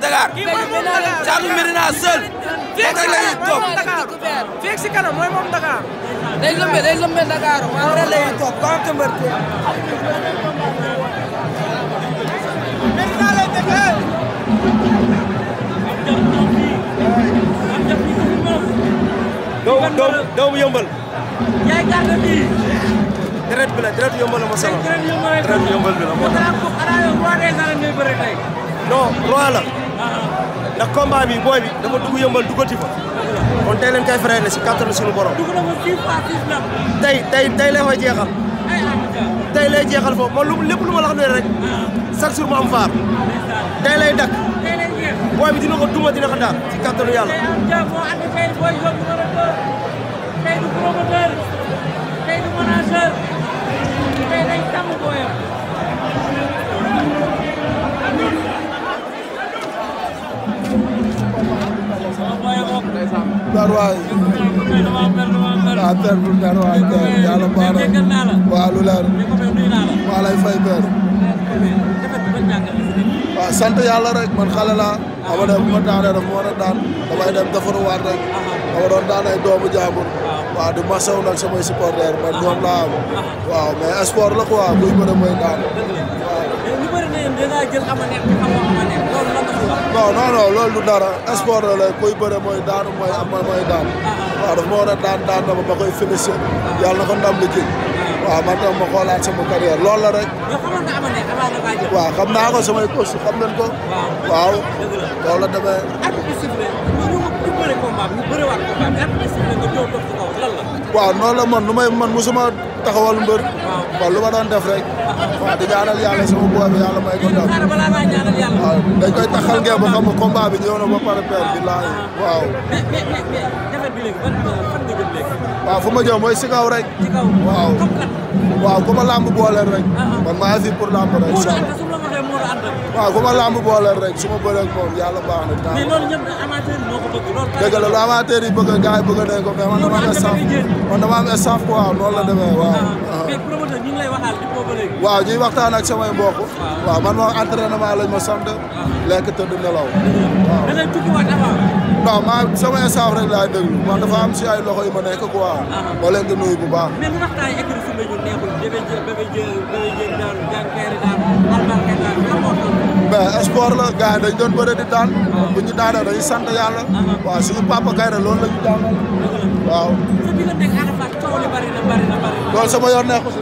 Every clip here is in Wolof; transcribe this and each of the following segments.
Dakar. Thiatou Médina seul. fii ak la ñuy toog fii ak si kanam mooy moom Dakar. day lëmbee day lëmbee Dakar waaw rek la ñuy toog ba am tëmbër Médina lay dëkk. doomu yëmbal. yaay gàllankoor bi. deret bi la deret yëmbal la ma sonal. deret yëmbal bi la ma sonal. non roi la. ndax combat bi booy bi dafa dugg yëmbal duggati fa kon tey leen kay si kattanu suñu borom. dugg na ko six fois six na tey tey tey lay jeexal. Ah, tey lay jeexal foofu ma la xam ne rek ah. chaque jour mu am faar tey lay dakk dina ko duma dina ko daan si kattanu yàlla. mer lu leer maa lay fay père waaw sant yàlla rek man xale laa ama ne bu ma daanee daf ma war a daan damay dem defaruwaat rek dama doon daan ay doomu jaambur waaw di masaw nag samay supporter man ñoom laa am waaw mais sport la quoi buy bëre mooy daan non non non loolu du dara sport la la koy bëre mooy daanu mooy am mooy daan waaw daf ma war a daan daan na na ko ndam li jël waaw ma xoolaat sama carrière loolu la rek. xam naa ko samay coach xam nañ ko. waaw loolu la man nu may man musuma. taxawal mbër. waaw lu ma doon def rek. waaw di ñaanal yàlla sama boy bi yàlla may ko ndam. balaa maa ñaanal yàlla. waaw dañ koy taxal ngeen ba xam nga ba ma jëm mooy si kaw rek. si kaw waaw. waaw ku ma rek. Ah, ah. waaw ku ma làmb booleel rek su ma bëree moom yàlla baax na. mais loolu ñëpp amateur yi ñoo la lu amateur yi bëgg gars yi bëgg nañ ko mais man dama am staff waaw noonu la ah. demee waaw. Ah. Ah. mais promoteur ñu ngi waaw ñuy waxtaan ak samay mbokk. waaw man moom entraînement lañ ma sant. lekk tëdd nelaw. waaw da ngay tukkiwaat avant. rek laay déglu man dafa am si ay loxo yu ma nekk quoi. ma leen di nuyu bu baax. mais sport la gars yi dañ doon bëre di daan ah. bu ñu daanee dañuy sant yàlla ah. waaw papa Kayre loolu la ñu jàngal waaw loolu sama yoon neexu si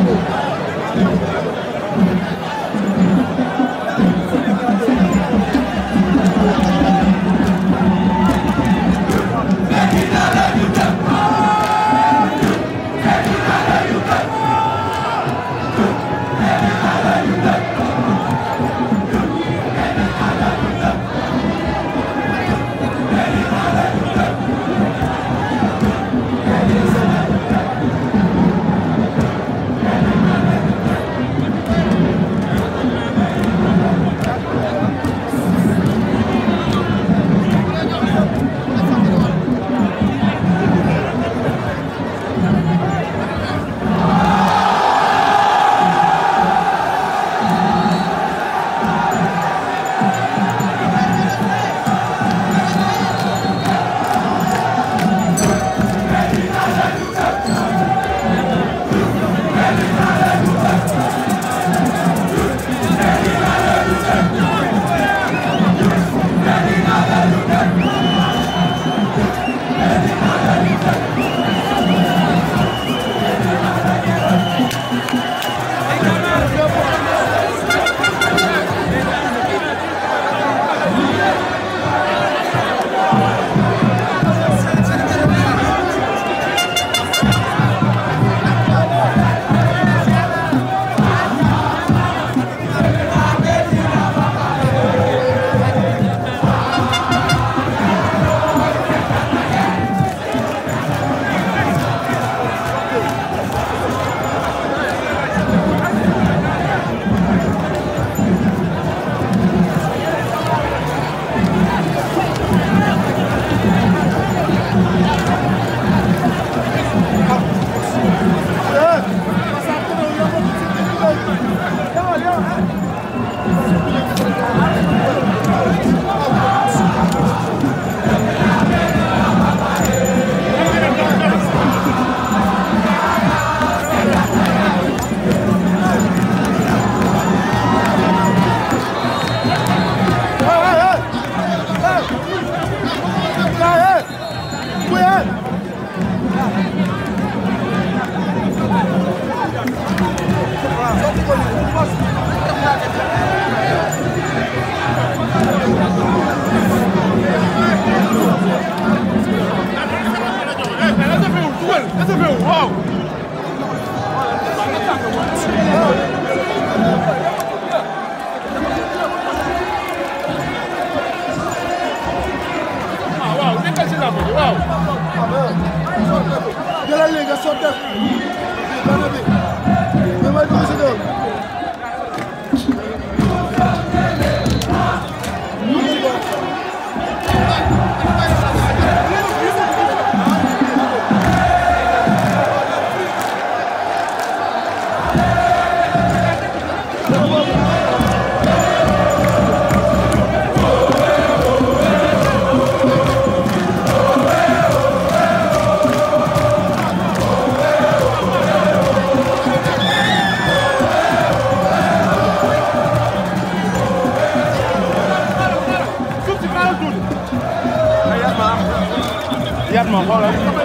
Thank you. mejor.